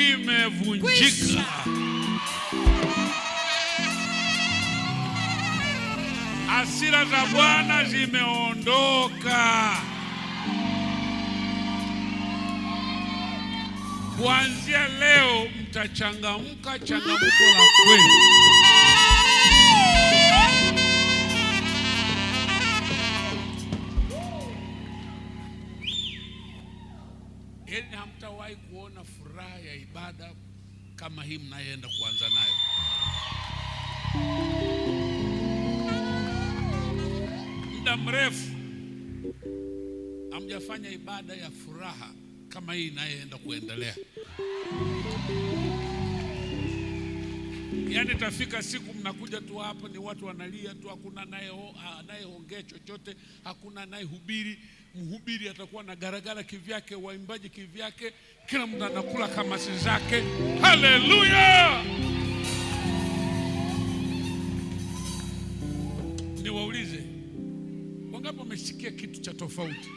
kimevunjika. Hasira za Bwana zimeondoka. Kuanzia leo mtachangamka changamko la kweli. kuona furaha ya ibada kama hii mnayoenda kuanza nayo. Muda mrefu hamjafanya ibada ya furaha kama hii inayoenda kuendelea. Yaani tafika siku mnakuja tu hapa, ni watu wanalia tu, hakuna anayeongea chochote, hakuna anayehubiri. Mhubiri atakuwa na garagara kivyake, waimbaji kivyake, kila mtu anakula kamasi zake. Haleluya! Niwaulize, wangapi wamesikia kitu cha tofauti?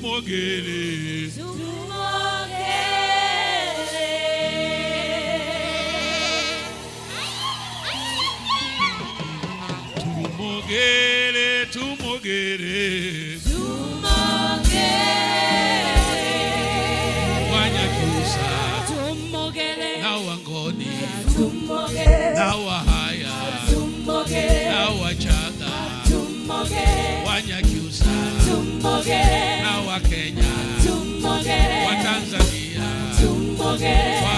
Zumogele. Zumogele. Tumogele, tumogele. Wakenya, Watanzania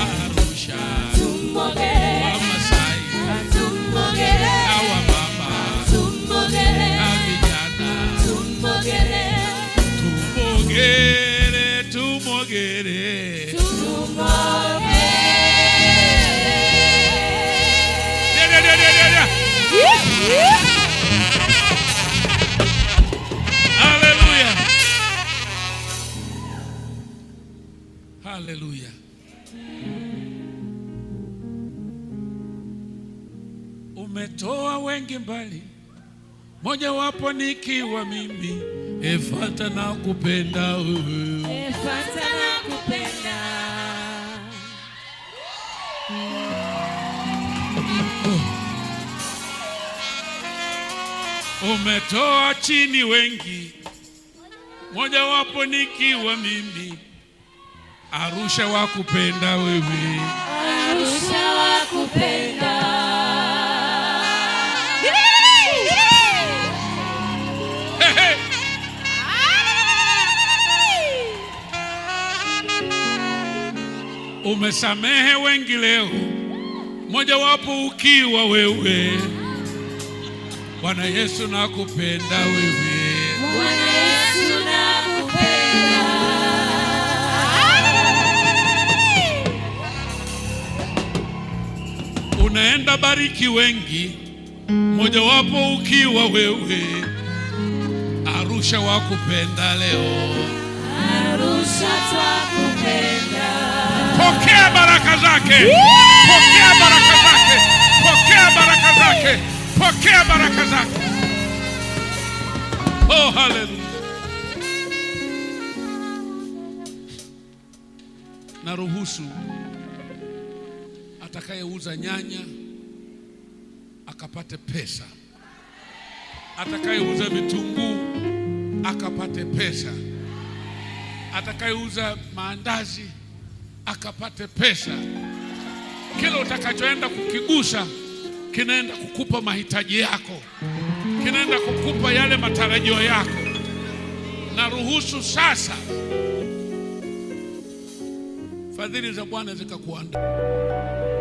Haleluya. Umetoa wengi mbali, moja wapo nikiwa mimi. Efata eh, na kupenda wewe, Efata eh, na kupenda umetoa chini wengi, moja wapo nikiwa mimi Arusha wakupenda wewe, Arusha kupenda umesamehe wengi leo, mojawapo ukiwa wewe. Bwana Yesu nakupenda wewe, Bwana Yesu na unaenda bariki wengi, mojawapo ukiwa wewe. Arusha wakupenda leo, Arusha twakupenda. Pokea baraka zake, pokea baraka zake, pokea baraka zake, pokea baraka zake. Oh, haleluya! Naruhusu Atakayeuza nyanya akapate pesa, atakayeuza vitunguu akapate pesa, atakayeuza maandazi akapate pesa. Kila utakachoenda kukigusa kinaenda kukupa mahitaji yako, kinaenda kukupa yale matarajio yako. Na ruhusu sasa fadhili za Bwana zikakuandaa.